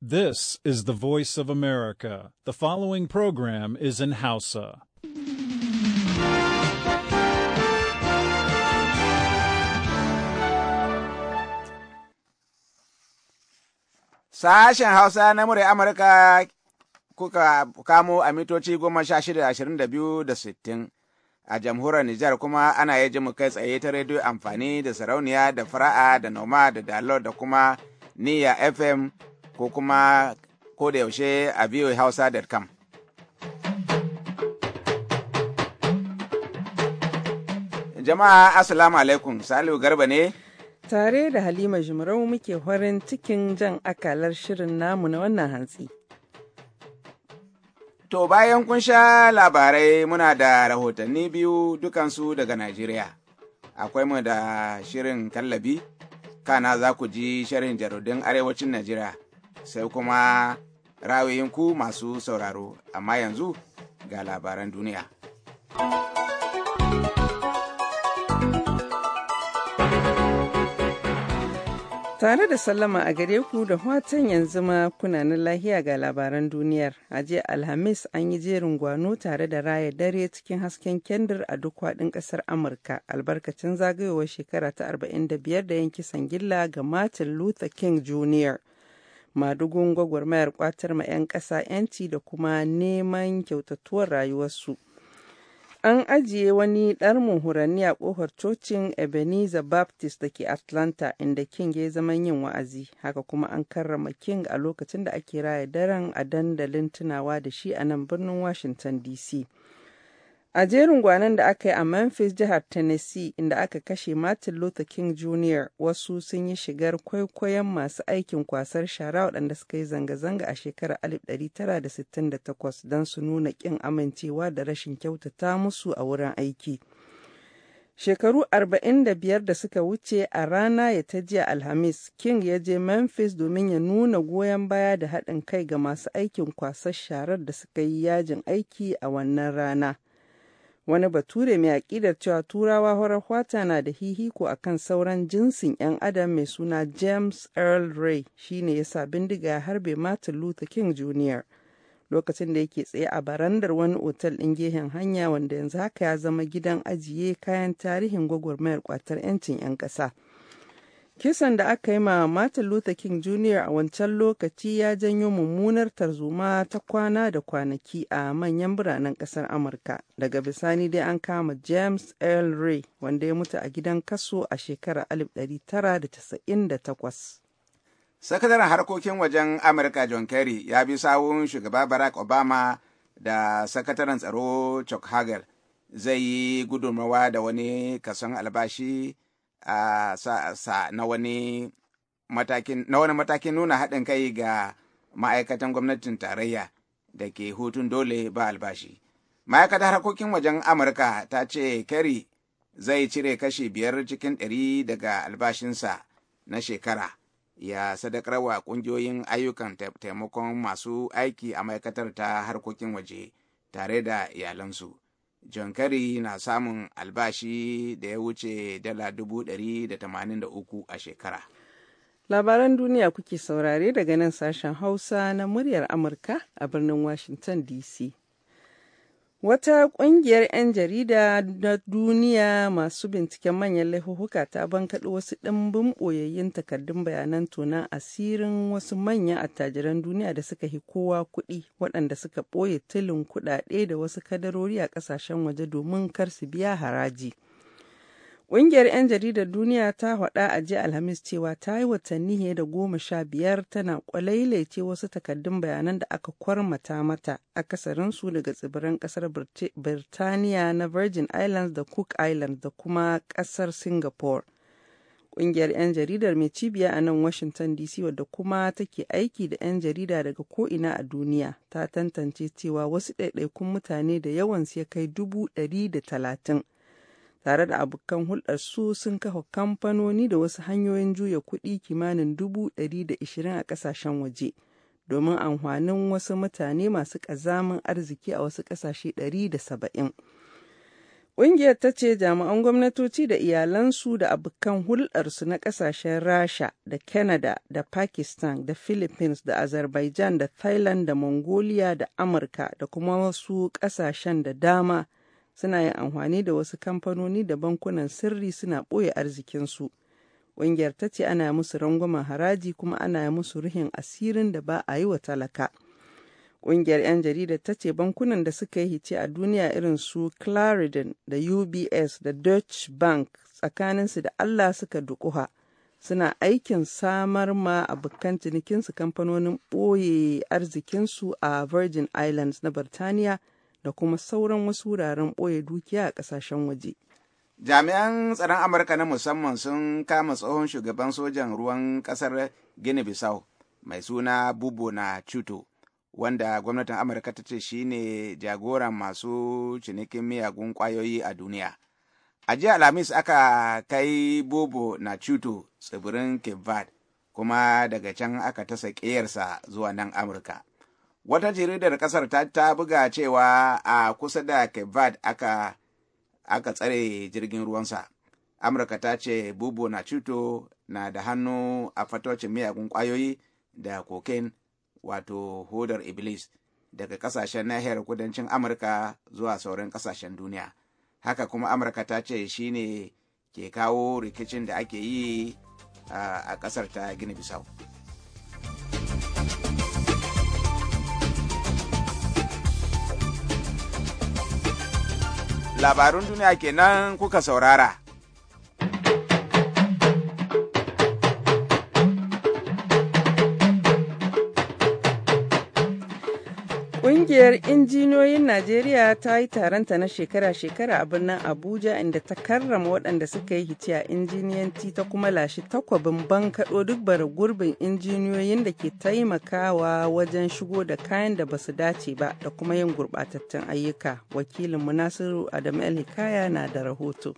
This is the voice of America. The following program is in Hausa. Sashen Hausa na murai Amurka kuka kamo a mitoci goma sha shida ashirin da biyu da sittin a jamhuriyar Nijar kuma ana iya ji mu kai tsaye ta rediyo amfani da sarauniya da fara'a da noma da dalo da kuma niyya FM ko kuma ko da yaushe a voahausa.com. Jama'a Assalamu alaikum, Salihu Garba ne. Tare da Halima Jimarau muke farin cikin jan akalar shirin namu na wannan hantsi. To bayan kun sha labarai muna da rahotanni biyu dukansu daga Najeriya. Akwai mu da shirin kallabi, kana za ku ji shirin jarudin arewacin Najeriya. sai kuma rawayinku masu sauraro, amma yanzu ga labaran duniya. Tare da sallama a gare ku da watan yanzu ma na lahiya ga labaran duniyar. A jiya Alhamis an yi jerin gwano tare da raya dare cikin hasken kendir a duk faɗin ƙasar Amurka albarkacin zagayowar shekara ta 45 da yanki sangilla ga Martin Luther King Jr. madugun gwagwarmayar kwatar ma 'yan ƙasa 'yanci da kuma neman kyautatuwar rayuwarsu. An ajiye wani ɗar muhuranni a ƙofar cocin Ebenezer Baptist da ke Atlanta inda King ya zama yin wa'azi, haka kuma an karrama King a lokacin da ake raya daren a dandalin tunawa da shi a nan birnin Washington DC. a jerin gwanan da aka yi a Memphis jihar Tennessee inda aka kashe Martin Luther King Jr. wasu sun yi shigar kwaikwayon masu aikin kwasar shara waɗanda suka yi zanga-zanga a shekarar 1968 don su nuna ƙin amincewa da rashin kyautata musu a wurin aiki. Shekaru 45 da suka wuce a rana ya ta jiya Alhamis, King ya je Memphis domin ya nuna goyon baya da haɗin kai ga masu aikin kwasar sharar da suka yi yajin aiki a wannan rana. wani bature mai aƙidar cewa turawa horar hwata na da hihiko a kan sauran jinsin 'yan adam mai suna james earl ray shine ya sa bindiga ya harbe martin luther king jr lokacin da yake tsaye a barandar wani otal ɗin gehen hanya wanda yanzu haka ya zama gidan ajiye kayan tarihin gwagwarmayar kwatar 'yancin 'yan ƙasa. Kisan da aka yi ma Martin Luther King Jr. a wancan lokaci ya janyo mummunar tarzoma ta kwana da kwanaki a manyan biranen ƙasar Amurka. Daga bisani dai an kama James Earl Ray wanda ya mutu a gidan kaso a shekarar 1998. Sakataren harkokin wajen Amurka John Kerry ya bi sawun shugaba Barack Obama da sakataren tsaro Chuck Hagel zai yi gudunmawa da wani kason albashi. uh, sa, sa, na wani matakin na wani matakin nuna haɗin kai ga ma'aikatan gwamnatin tarayya da ke hutun dole ba albashi. Ma'aikatar harkokin wajen Amurka ta ce kari zai cire kashi biyar cikin ɗari daga albashinsa na shekara ya sadakarwa ƙungiyoyin ayyukan taimakon masu aiki a ma'aikatar ta harkokin waje tare da iyalansu. john kerry na samun albashi da ya wuce dala dubu ɗari da tamanin da uku a shekara labaran duniya kuke saurare daga nan sashen hausa na muryar amurka a birnin washington dc Wata ƙungiyar 'yan jarida na duniya masu binciken manyan laifuka ta bankaɗo wasu ɗimbin ɓoyayyun takardun bayanan tonon asirin wasu manyan attajiran duniya da suka hi kowa kuɗi waɗanda suka ɓoye tilin kuɗaɗe da wasu kadarori a ƙasashen waje domin kar su biya haraji. Ƙungiyar 'yan jaridar duniya ta haɗa a jiya Alhamis cewa ta yi watanni fiye da goma sha biyar tana kwalailaice wasu takaddun bayanan da aka kwarmata mata akasarinsu daga tsibiran ƙasar Birtaniya na Virgin Islands da Cook Islands da kuma ƙasar Singapore. Ƙungiyar 'yan jaridar mai cibiya a nan Washington DC wadda kuma take aiki da 'yan jarida daga ko'ina a duniya ta tantance cewa wasu ɗaiɗaikun mutane da yawansu ya kai dubu ɗari da talatin. tare da abokan su sun kafa kamfanoni da wasu hanyoyin juya kuɗi kimanin dubu ɗari da ishirin a ƙasashen waje domin amfanin wasu mutane masu ƙazamin arziki a wasu ƙasashe ɗari da saba'in. Ƙungiyar ta ce jami'an gwamnatoci da iyalansu da abokan hulɗarsu na ƙasashen Rasha da Canada da Pakistan da Philippines da Azerbaijan da Thailand da Mongolia da Amurka da kuma wasu ƙasashen da dama suna yin amfani da wasu kamfanoni da bankunan sirri suna ɓoye arzikinsu. Ƙungiyar ta ce ana musu rangwamen haraji kuma ana musu ruhin asirin da ba a yi wa talaka. Ƙungiyar 'yan jarida ta ce bankunan da suka yi hice a duniya irin su Clarendon da UBS da Deutsche Bank tsakaninsu da Allah suka dukuha. Suna aikin samar ma abokan cinikinsu kamfanonin ɓoye arzikinsu a Virgin Islands na Birtaniya. da kuma sauran wasu wuraren ɓoye dukiya a ƙasashen waje. Jami'an tsaron Amurka na musamman sun kama tsohon shugaban sojan ruwan ƙasar gini Bissau mai suna Bubo na Cuto, wanda gwamnatin Amurka ta ce shi ne jagoran masu cinikin miyagun ƙwayoyi a duniya. A jiya Alhamis aka kai Bubu na Cuto tsibirin Cape Verde, kuma daga can aka tasa ƙeyarsa zuwa nan Amurka. wata jaridar kasar ta, ta buga cewa a kusa da cape verde aka, aka tsare jirgin ruwansa amurka ta ce bubu na cuto na da hannu a fatocin miyagun kwayoyi da kokain wato hodar iblis daga kasashen nahiyar kudancin amurka zuwa sauran kasashen duniya haka kuma amurka ta ce shine ke kawo rikicin da ake yi a kasar ta gini bisau labarun duniya kenan kuka saurara. Ƙungiyar Injiniyoyin Najeriya ta yi taronta na shekara-shekara a birnin Abuja inda ta karrama waɗanda suka yi hici a injiniyanci ta kuma lashe takwabin bankaɗo duk bara gurbin injiniyoyin da ke taimakawa wajen shigo da kayan da basu dace ba da kuma yin gurbatattun ayyuka. Wakilin Munasiru Adam El Hikaya na da rahoto.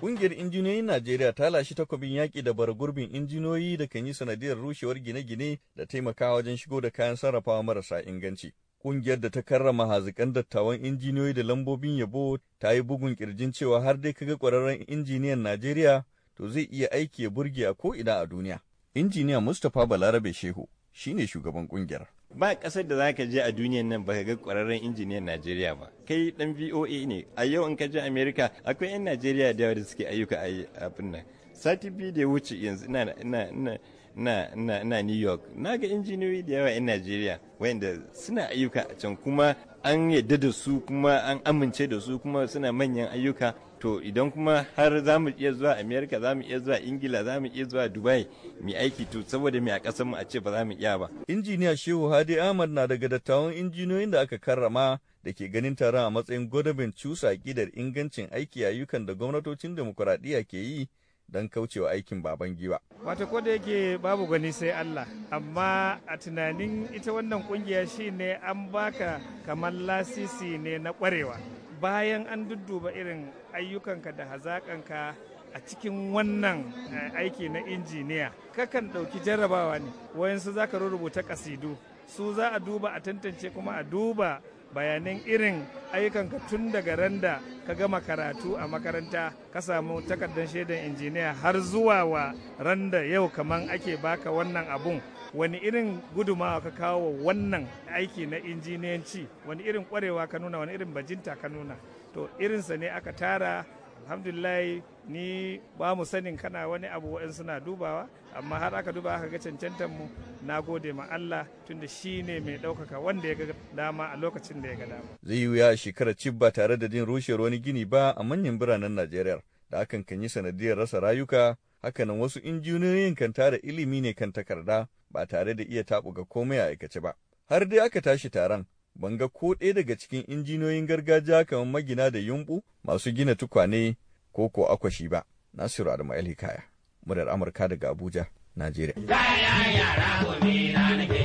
Ƙungiyar injiniyoyin Najeriya ta lashe takwabin yaƙi da gurbin injiniyoyi da kan yi sanadiyar rushewar gine-gine da taimakawa wajen shigo da kayan sarrafawa marasa inganci. Ƙungiyar da ta karrama hazikan dattawan injiniyoyi da lambobin yabo ta yi bugun kirjin cewa har dai kaga ƙwararren injiniyan Najeriya to zai iya aiki ya burge a ko'ina a duniya. Injiniya Mustapha Balarabe Shehu shi ne shugaban ƙungiyar. Ba ƙasar da za ka je a duniyan nan baka ga ƙwararren injiniyan Najeriya ba. Kai ɗan VOA ne, a yau in ka je Amerika akwai 'yan Najeriya da yawa da suke ayyuka a abin nan. Sati biyu da ya wuce yanzu ina na, na, na New York na ga injiniyoyi da yawa 'yan Najeriya wayanda suna ayyuka a can kuma an yadda da su kuma an amince da su kuma suna manyan ayyuka to idan kuma har za mu iya zuwa america za mu iya zuwa Ingila za mu iya zuwa Dubai mu aiki to saboda mu a kasanmu mu a ce ba za mu iya ba. Injiniya Shehu Hadi Ahmad na daga dattawan injiniyoyin da aka karrama da ke ganin taron a matsayin gwadabin cusa ƙidar ingancin aiki ayyukan da gwamnatocin demokuraɗiyya ke yi don kaucewa aikin baban giwa. wata ko da yake babu gani sai Allah, amma a tunanin ita wannan kungiya ne an baka kamar lasisi ne na kwarewa. Bayan an dudduba irin ayyukanka da hazakanka a cikin wannan eh, aiki na injiniya, kakan ɗauki jarrabawa ne, wayansu za ka rubuta kasidu, su za a duba a tantance kuma a duba bayanan irin ka tun daga randa ka gama karatu a makaranta ka samu takardar shaidar injiniya har zuwa wa randa yau kaman ake baka wannan abun wani irin gudumawa ka kawo wannan aiki na injiniyanci wani irin kwarewa ka nuna wani irin bajinta ka nuna to irinsa ne aka tara alhamdulillah ni ba mu sanin kana wani abu wa'in suna dubawa amma har aka duba aka ga cancantar mu na gode ma Allah tunda shi ne mai ɗaukaka wanda ya ga dama a lokacin da ya ga dama. Zai yi wuya shekara cib ba tare da jin rushewar wani gini ba a manyan biranen Najeriya da hakan kan yi sanadiyar rasa rayuka hakanan wasu injiniyoyin kan tara ilimi ne kan takarda ba tare da iya taɓuka komai a aikace ba. Har dai aka tashi taron ban ga ko ɗaya daga cikin injiniyoyin gargajiya kamar magina da yumɓu masu gina tukwane ko ko akwashi ba nasiru adamu hikaya murar amurka daga abuja najeriya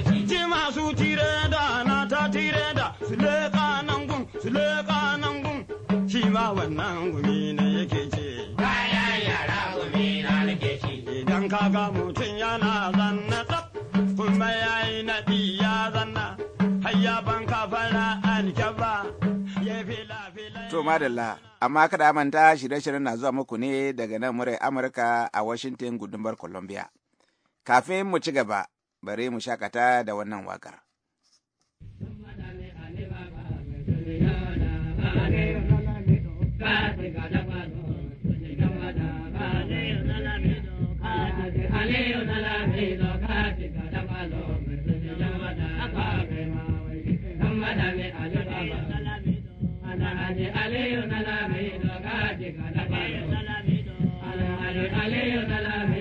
ci. masu tire da na ta tire da su leƙa nan gun su leƙa nan gun shi ma wannan gumi ne yake yara gumi na nake ci idan ka mutum yana zanna tsaf kuma yayi naɗi ya zana, hayya ban ka fara alkyaba ya fi To madalla, amma kada manta shirye-shiryen na zuwa muku ne daga nan murai Amurka a Washington gudunbar Columbia. Kafin mu ci gaba, bari mu shakata da wannan wakar. Thank you. kaje alayo na lamido kaje kada palo alayo alayo na lamido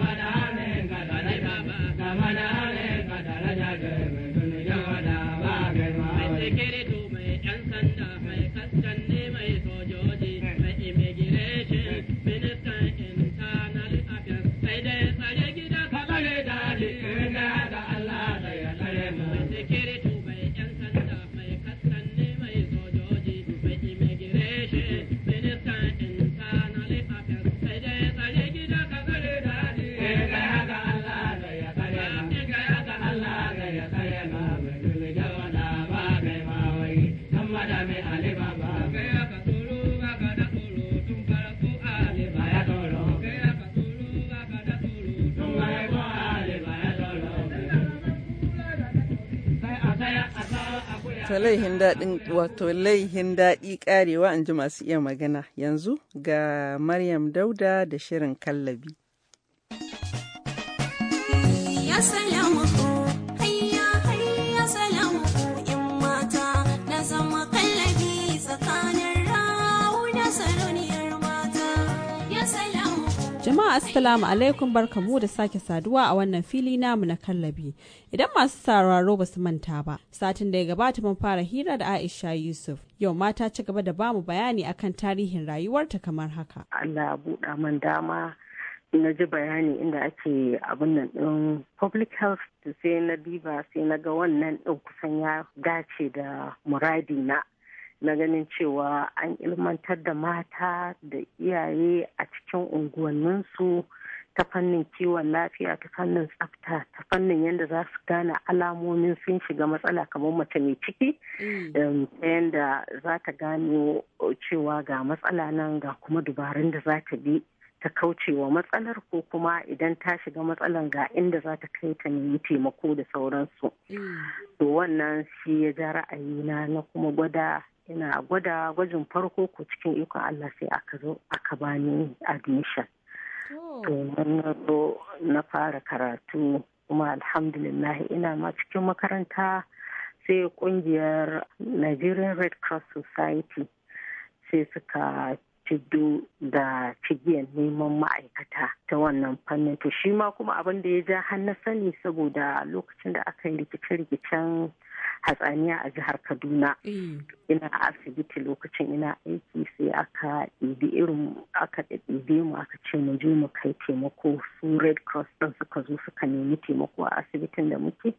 ಮನಾ laihin daɗin wato laihin daɗi ƙarewa in ji masu iya magana yanzu ga Maryam Dauda da shirin kallabi. Yes, assalamu alaikum barkamu da sake saduwa a wannan fili namu na kallabi idan masu sauraro ba su manta ba satin da ya gabata mun fara hira da aisha yusuf yau mata ci gaba da bamu bayani akan tarihin rayuwarta kamar haka allah buɗa man dama na ji bayani inda ake abin nan ɗin public health sai na diba sai na ga wannan ɗin kusan ya dace da muradi na na ganin cewa an ilmantar da mata da iyaye a cikin unguwanninsu ta fannin kiwon lafiya ta fannin tsafta ta fannin yadda za su gane alamomin sun shiga matsala kamar mace mai ciki mm. um, ta yadda za ta gano cewa ga matsala nan ga kuma dubarun da za ta bi ta kaucewa matsalar ko kuma idan ta shiga matsalar ga inda za ta kai ta nemi taimako da sauransu. Mm. To wannan shi ya ja ra'ayina na kuma gwada ina gwada gwajin farko ko cikin ikon Allah sai aka zo aka bani admission to na zo na fara karatu kuma alhamdulillah ina ma cikin makaranta sai kungiyar Nigerian Red Cross Society sai suka ciddu da cigiyar neman ma'aikata ta wannan fannin to shi ma kuma abin da ya ja har sani saboda lokacin da aka yi rikice-rikicen hatsaniya a jihar kaduna eh. ina a asibiti lokacin ina aiki sai aka ɗibi irin aka ɗibe mu aka ce mu je mu kai taimako su red cross ɗin suka zo suka nemi taimako a asibitin da muke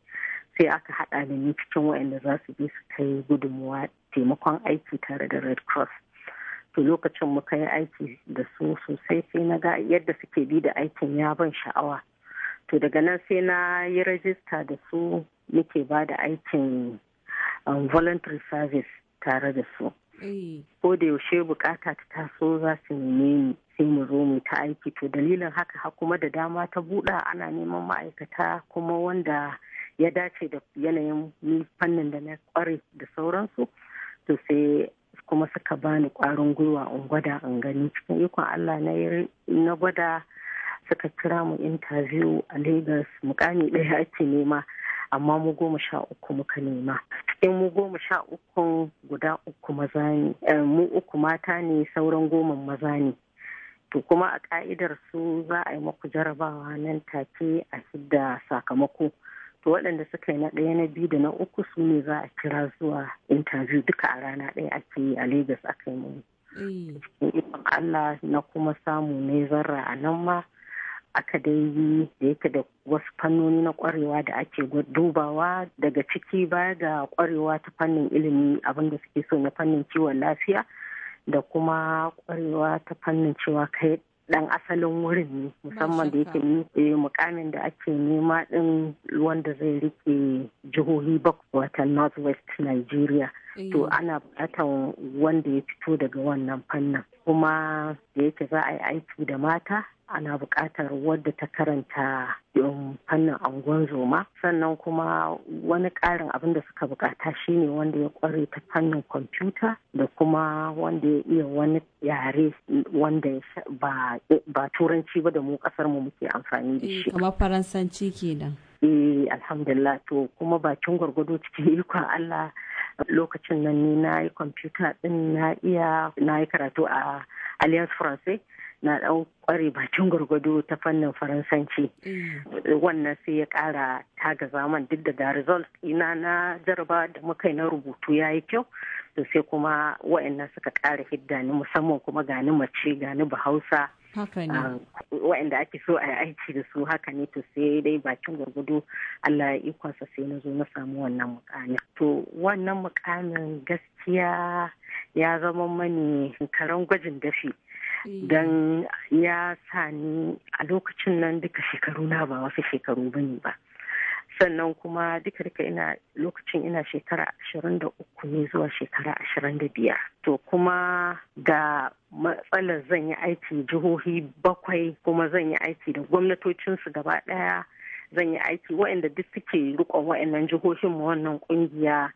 sai aka haɗa da ni cikin waɗanda za su je su kai gudunmuwa taimakon aiki tare da red cross to lokacin muka yi aiki da su sosai sai na ga yadda suke bi da aikin ya ban sha'awa to daga nan sai na yi rajista da su yake ba da aikin um, voluntary service tare da su eh. ko da yaushe bukata ta taso za su neme ni sai mu zo mu ta aiki to dalilin haka kuma da dama ta buɗa ana neman ma'aikata kuma wanda ya dace da yanayin fannin da na kware da sauransu to sai kuma suka bani kwarin gwiwa in gwada in gani cikin ikon Allah na gwada suka kira mu interview a Lagos mukami ɗaya ake nema amma mu goma sha uku muka nema in mu goma sha uku guda uku maza ne eh, mu uku mata ne sauran goma maza ne to kuma a ka'idar su za a yi maku jarabawa nan take a hidda sakamako to waɗanda suka yi na ɗaya na biyu da na uku su ne za a kira zuwa interview duka a rana ɗaya ake yi a Legas aka yi mu eh. Allah na kuma samu ne zarra a nan ma aka dai yi da yake da wasu fannoni na kwarewa da ake dubawa daga ciki ba da kwarewa ta fannin ilimi abinda suke so na fannin kiwon lafiya da kuma kwarewa ta fannin cewa kai dan asalin wurin ne musamman da yake mukamin da ake nema din wanda zai rike jihohi bakwai watan northwest nigeria to ana bukatan wanda ya fito daga wannan fannin kuma da yake za a yi aiki da mata ana bukatar wadda ta karanta fannin angon zoma sannan kuma wani ƙarin abin da suka buƙata shine wanda ya ƙware ta fannin kwamfuta da kuma wanda ya iya wani yare wanda ba turanci ba da mu ƙasar mu muke amfani da eh, shi kamar faransanci kenan eh alhamdulillah to kuma bakin gwargwado cikin ikon Allah lokacin nan ne na yi kwamfuta din na iya na yi karatu a alliance français na ɗan kware bakin gwargwado ta fannin faransanci mm. wannan sai ya ƙara taga zaman duk da da result ina na jaraba da muka na rubutu ya yi kyau to sai kuma wa'annan suka kara hidda ni musamman kuma gani mace gani bahausa haka ne ah, waɗanda ake so a aiki da su haka ne to sai dai bakin gwargwado Allah ya ikonsa sai na zo na samu wannan mukamin to wannan mukamin gaskiya ya zama mani karan gwajin dafi eh. don ya sani a lokacin nan duka shekaru na ba wasu shekaru bane ba sannan kuma duka duka ina lokacin ina shekara ashirin da uku ne zuwa shekara ashirin da biyar to kuma ga matsalar zan yi aiki jihohi bakwai kuma zan yi aiki da gwamnatocinsu gaba ɗaya zan yi aiki waɗanda duk suke rikon waɗannan jihohin wannan ƙungiya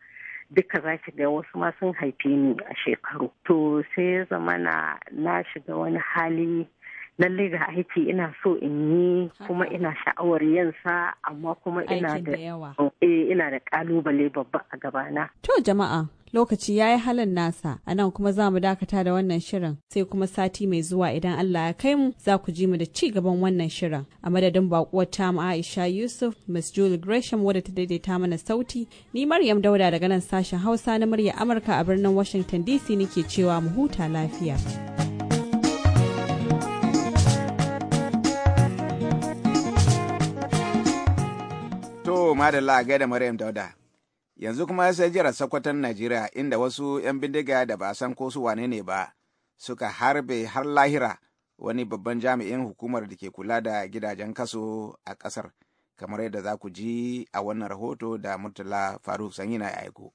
duka za ki ga wasu ma sun haife ni a shekaru to sai zamana na shiga wani hali lalle ga aiki ina so in yi kuma ina sha'awar yansa amma kuma ina da oh, eh, ina da kalubale babba a gabana. To jama'a lokaci ya yi halin nasa a nan kuma za mu dakata da wannan shirin sai kuma sati mai zuwa idan Allah ya kai mu za ku ji mu da ci gaban wannan shirin a madadin bakuwar mu Aisha Yusuf Miss Julie Gresham wadda ta daidaita mana sauti ni Maryam Dauda daga nan sashen Hausa na murya Amurka a birnin Washington DC nake cewa mu huta lafiya. kuma da a da Maryam Dauda. Yanzu kuma ya sai jihar Sokoton Najeriya inda wasu 'yan bindiga da ba san ko su wane ne ba suka harbe har lahira wani babban jami'in hukumar da ke kula da gidajen kaso a ƙasar kamar yadda za ku ji a wannan rahoto da Murtala Faruk Sanyina ya aiko.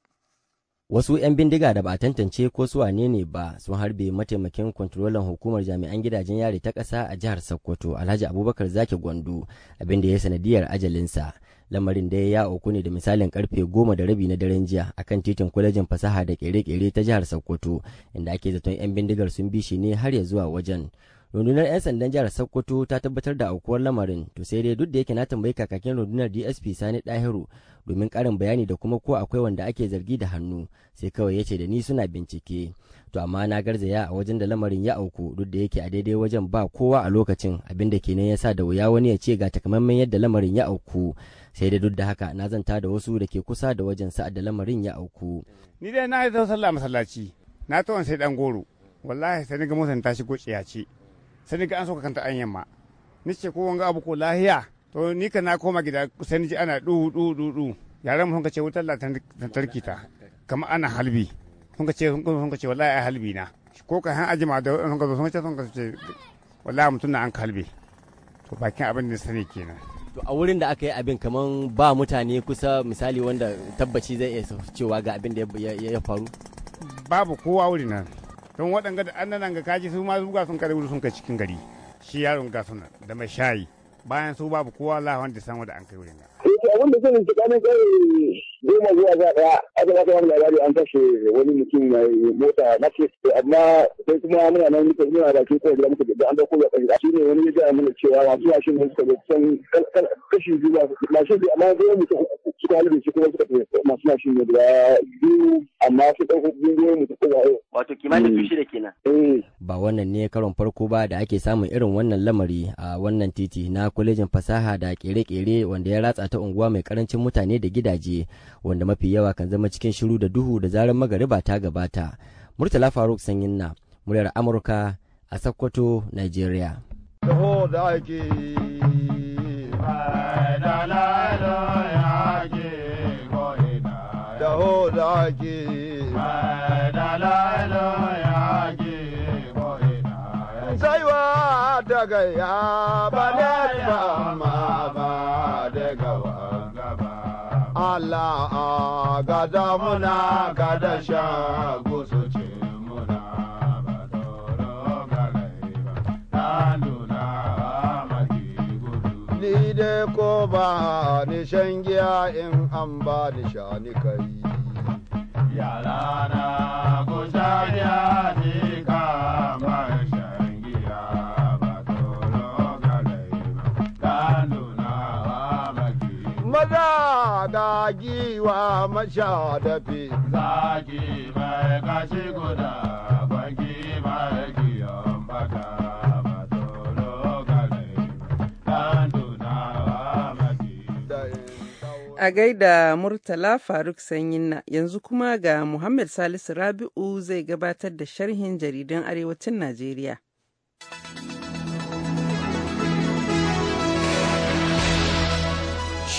Wasu 'yan bindiga da ba tantance ko su wane ne ba sun harbe mataimakin kwantrolan hukumar jami'an gidajen yari ta kasa a jihar Sokoto Alhaji Abubakar Zaki Gwandu abinda ya sanadiyar ajalinsa. lamarin da ya auku ne da misalin karfe goma da rabi na daren jiya a kan titin kwalejin fasaha da kere-kere ta jihar sokoto inda ake zaton 'yan bindigar sun bi shi ne har ya zuwa wajen rundunar 'yan sandan jihar sokoto ta tabbatar da aukuwar lamarin to sai dai duk da yake na tambayi kakakin rundunar dsp sani dahiru domin karin bayani da kuma ko akwai wanda ake zargi da hannu sai kawai ya ce da ni suna bincike to amma na garzaya a wajen da lamarin ya auku duk da yake a daidai wajen ba kowa a lokacin abinda da nan ya sa da wuya wani ya ce ga takamaiman yadda lamarin ya auku sai dai duk da haka na zanta da wasu da ke kusa da wajen sa'ad da lamarin ya auku ni dai na zo sallah masallaci na ta sai dan goro wallahi sai ga motsa ta shigo tsiyaci sai ga an soka kanta an yamma ni ce ko wanga abu ko lahiya to ni ka na koma gida sai ni ji ana du du du du yaran mun ka ce wutar lantarki ta kamar ana halbi sun ka ce sun ka ce wallahi ai halbi na ko ka han ajima da sun ka zo sun ka ce sun ka ce wallahi mutum na an kalbe to bakin abin da sani kenan to a wurin da aka yi abin kamar ba mutane kusa misali wanda tabbaci zai iya cewa ga abin da ya faru babu kowa wuri nan don waɗanga da annan ga kaji su ma zuga sun kare wuri sun kai cikin gari shi yaron ga suna da mai shayi bayan su babu kowa lahon da san wanda an kai wurin nan abin da zan ji kanin kai goma zuwa za ɗaya aka aka wani labari an kashe wani mutum mai mota na ce amma sai kuma muna nan muka muna da ke kowa muka da an dauko ya kashe shi ne wani ya mana cewa masu yashi ne suka san kashi biyu mashin da amma zai mutum suka halin shi kuma suka masu yashi ne da biyu amma su ɗauko biyu goma mutum yau. wato kimanin su hmm. da kenan. Eh. ba wannan ne karon farko ba da ake samun irin wannan lamari a wannan titi na kwalejin fasaha da kere-kere wanda ya ratsa ta unguwa mai karancin mutane da gidaje wanda mafi yawa kan zama cikin shiru da duhu da zarar magariba ta gabata murtala faruk sanyin na muryar amurka a sokoto nigeria Sai wa daga ya Allah a gada muna gada sha gusu ce muna ba toro galai ba nuna maki gudu. Ni de ko ba ni shangiya in an ba ni sha ni kai. Yara na ku sha giya zagi wa mashadafi zagi mai kashi guda bangi mai giyon baka A gaida Murtala Faruk Sanyinna yanzu kuma ga Muhammad Salisu Rabi'u zai gabatar da sharhin jaridan Arewacin Najeriya.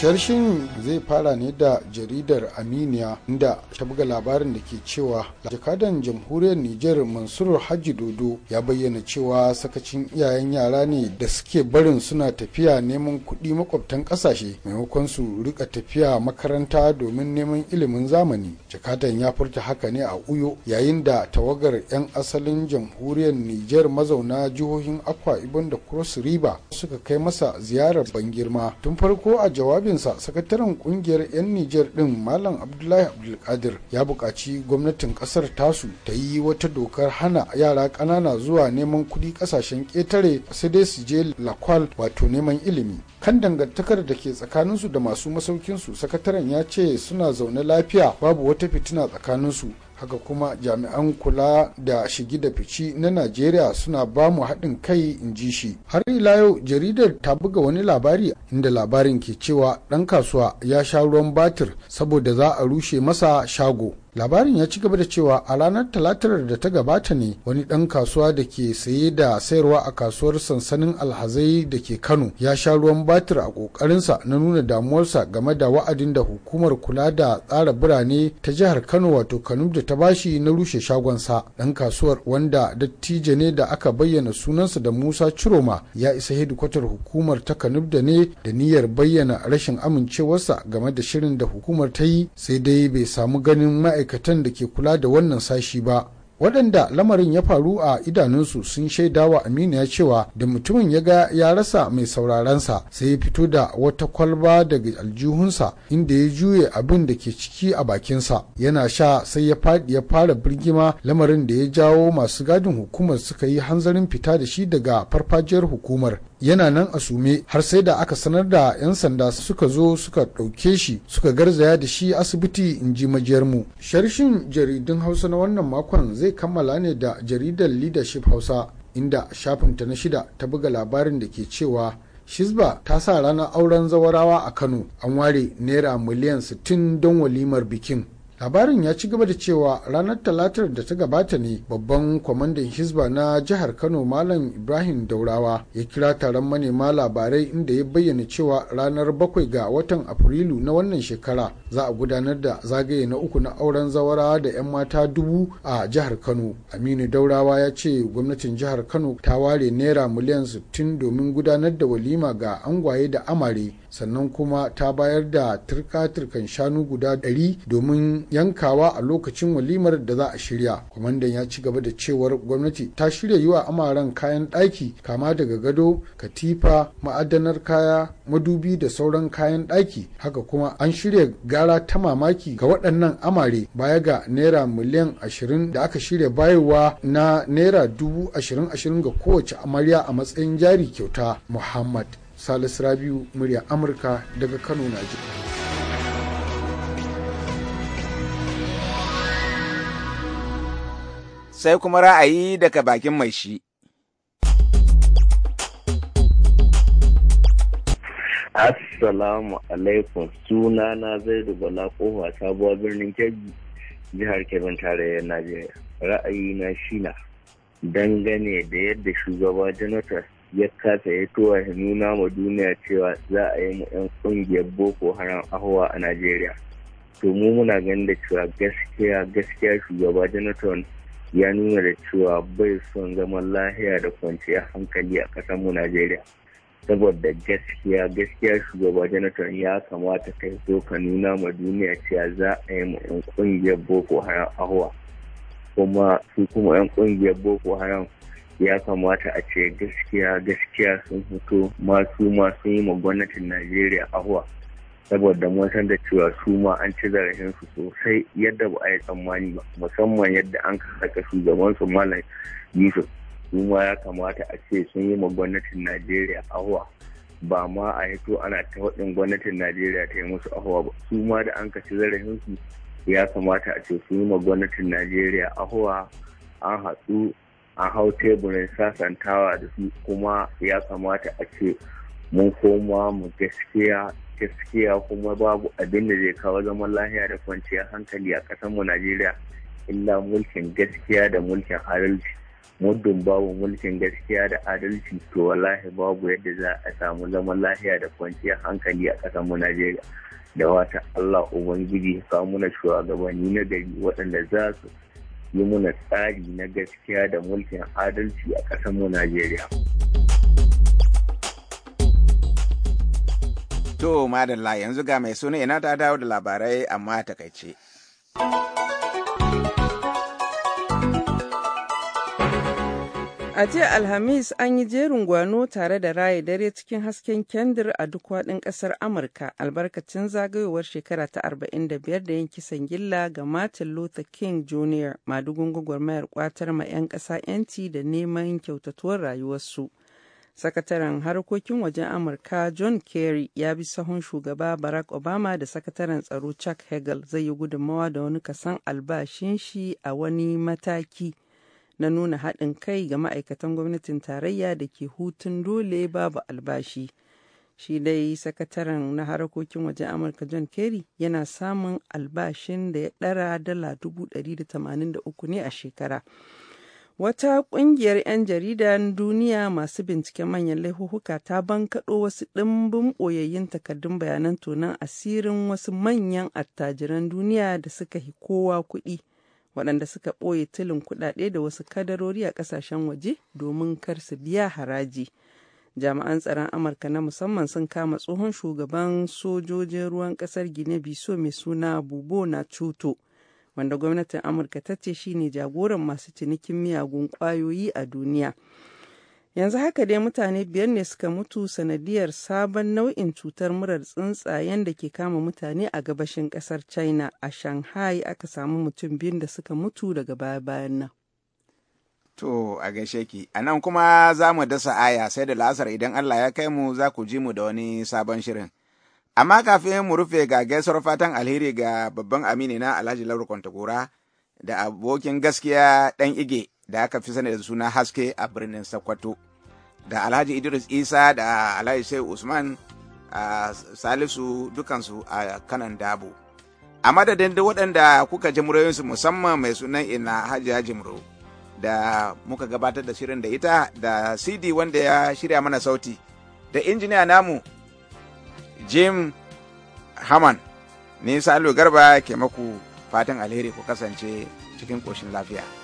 sharshin zai fara ne da jaridar aminiya inda ta buga labarin da ke cewa jakadan jamhuriyar niger mansur hajji dodo ya bayyana cewa sakacin iyayen yara ne da suke barin suna tafiya neman kuɗi makwabtan ƙasashe maimakon su rika tafiya makaranta domin neman ilimin zamani jakadan ya furta haka ne a uyo yayin da tawagar 'yan asalin jamhuriyar niger mazauna jihohin akwa ibon da cross river suka kai masa ziyarar ban girma tun farko a jawabin jawabinsa sakataren kungiyar 'yan Nijar din Malam Abdullahi Abdulkadir ya buƙaci gwamnatin ƙasar tasu ta yi wata dokar hana yara ƙanana zuwa neman kuɗi ƙasashen ketare sai dai su je lakwal wato neman ilimi. Kan dangantakar da ke tsakaninsu da masu masaukinsu sakataren ya ce suna zaune lafiya babu wata fitina tsakaninsu haka kuma jami'an kula da shigi da fici na najeriya suna ba mu haɗin kai in ji shi har ila yau jaridar ta buga wani labari inda labarin ke cewa ɗan kasuwa ya sha ruwan batir saboda za a rushe masa shago labarin ya ci gaba da cewa a ranar talatar da ta gabata ne wani dan kasuwa da ke saye da sayarwa a kasuwar sansanin alhazai da ke kano ya sha ruwan batir a kokarinsa na nuna damuwarsa game da wa'adin da hukumar kula da tsara birane ta jihar kano wato kanu da ta bashi na rushe shagonsa dan kasuwar wanda dattijo ne da aka bayyana sunansa da musa ciroma ya isa hedikwatar hukumar ta kanu da ne da niyyar bayyana rashin amincewarsa game da shirin da hukumar ta yi sai dai bai samu ganin ma'aikata ma'aikatan da ke kula da wannan sashi ba waɗanda lamarin ya faru a idanunsu sun shaida wa shaidawa ya cewa da mutumin ya ga ya rasa mai saurarensa sai ya fito da wata kwalba daga aljihunsa inda ya juye abin da ke ciki a bakinsa yana sha sai ya faɗi ya fara birgima lamarin da ya jawo masu gadin hukumar suka yi hanzarin fita da shi daga farfajiyar hukumar yana nan a sume har sai da aka sanar da 'yan sanda suka zo suka ɗauke shi suka garzaya da shi asibiti in ji majiyarmu sharshin jaridun hausa na wannan makon zai kammala ne da jaridar leadership hausa inda shafinta na shida ta buga labarin da ke cewa Shizba ta sa ranar auren zawarawa a Kano an ware naira miliyan 60 don walimar bikin. labarin ya ci gaba da cewa ranar talatar da ta gabata ne babban kwamandan hizba na jihar kano malam ibrahim daurawa ya kira taron manema labarai inda ya bayyana cewa ranar bakwai ga watan afrilu na wannan shekara za a gudanar da zagaye na uku na auren zawara da 'yan mata dubu a jihar kano aminu daurawa ya ce gwamnatin jihar kano ta ware naira miliyan 60 domin gudanar da walima ga angwaye da amare sannan kuma ta bayar da turka-turkan shanu guda 100 domin yankawa a lokacin walimar da za a shirya kwamandan ya ci gaba da cewar gwamnati ta shirya yi wa amaran kayan ɗaki kama daga gado katifa ma'adanar kaya madubi da sauran kayan ɗaki haka kuma an shirya gara ta mamaki ga waɗannan amare baya ga naira miliyan 20 da aka shirya bayarwa na naira dubu ashirin ga kowace amarya a matsayin jari kyauta muhammad Salisu Rabiu murya Amurka daga Kano, Najeriya. Sai kuma ra'ayi daga bakin mai shi. Assalamu alaikum suna na Zaidu Bala Kofa sabuwa birnin keji jihar Kebbi tarayyar Najeriya. Ra'ayi na shina dangane da yadda shugaba Jonathan ya kasa ya towa ya nuna ma duniya cewa za a yi mu 'yan kungiyar boko haram ahuwa a najeriya to mu muna ganin da cewa gaskiya gaskiya shugaba jonathan ya nuna da cewa bai son zaman lahiya da kwanciyar hankali a ƙasar mu najeriya saboda gaskiya gaskiya shugaba jonathan ya kamata ka so ka nuna ma duniya cewa za a yi mu 'yan kungiyar boko haram ahuwa kuma su kuma 'yan kungiyar boko haram ya kamata a ce gaskiya gaskiya sun fito masu masu yi ma gwamnatin najeriya ahuwa saboda mun san da cewa su ma an ci zarafin su sosai yadda ba a yi tsammani ba musamman yadda an saka shugaban su malam yusuf su ma ya kamata a ce sun yi ma gwamnatin najeriya ahuwa ba ma a hito ana ta waɗin gwamnatin najeriya ta yi musu ahuwa ba su ma da an kaci zarafin su ya kamata a ce sun yi ma gwamnatin najeriya ahuwa an hatsu a hau teburin sasantawa da su kuma ya kamata a ce mun koma mu gaskiya gaskiya kuma babu abin da zai kawo zaman lahiya da kwanciyar hankali a mu najeriya illa mulkin gaskiya da mulkin adalci muddin babu mulkin gaskiya da adalci to wallahi babu yadda za a samu zaman lahiya da kwanciyar hankali a ƙasarmu najeriya da wata allah ubangiji kawo mana shugabanni na gari waɗanda za su yi muna tsari na gaskiya da mulkin adalci a ƙasarmu Najeriya. To, madalla yanzu ga mai suna ina ta dawo da labarai amma takaice. A jiya Alhamis an yi jerin gwano tare da raye dare cikin hasken kendir a duk waɗin ƙasar Amurka albarkacin zagayowar shekara ta 45 da yanki sangilla gilla ga Martin Luther King Jr. madugun gwagwarmayar kwatar ma 'yan ƙasa 'yanci da neman kyautatuwar rayuwarsu. Sakataren harkokin wajen Amurka John Kerry ya bi sahun shugaba Barack Obama da sakataren tsaro Chuck Hagel zai yi gudunmawa da wani kasan albashin shi a wani mataki. na nuna haɗin kai ga ma'aikatan gwamnatin tarayya da ke hutun dole babu albashi. Shi dai sakataren na harakokin wajen Amurka John Kerry yana samun albashin da ya ɗara dala dubu ɗari da da tamanin uku ne a shekara. Wata ƙungiyar 'yan jaridan duniya masu binciken manyan laifuka ta bankaɗo wasu ɗimbin ɓoyayyun takardun bayanan tonon asirin wasu manyan attajiran duniya da suka hi kowa kuɗi. waɗanda suka ɓoye tilin kuɗaɗe da wasu kadarori a ƙasashen waje domin kar su biya haraji. Jami'an tsaron Amurka na musamman sun kama tsohon shugaban sojojin ruwan ƙasar Gine Biso mai suna Bubo na Cuto, wanda gwamnatin Amurka ta ce shine jagoran masu cinikin miyagun ƙwayoyi a duniya. yanzu haka dai mutane biyar ne suka mutu sanadiyar sabon nau'in cutar murar tsuntsayen da ke kama mutane a gabashin kasar china a shanghai aka samu mutum biyun da suka mutu daga baya-bayan nan to a gaishe ki a nan kuma za mu dasa aya sai da la'asar idan allah ya kai mu za ku ji mu da wani sabon shirin amma kafin mu rufe ga gaisuwar fatan alheri ga babban amini na alhaji lauru kwantagora da abokin gaskiya dan ige da aka fi sani da suna haske a birnin Sokoto. Da Alhaji Idris Isa da Alhaji Sai Usman a Salisu dukansu a kanan dabo. A madadin da waɗanda kuka ji murayensu musamman mai sunan ina Hajiya Jimro da muka gabatar da shirin da ita da CD wanda ya shirya mana sauti da injiniya namu Jim Haman ni Salo Garba ke maku fatan alheri ku kasance cikin koshin lafiya.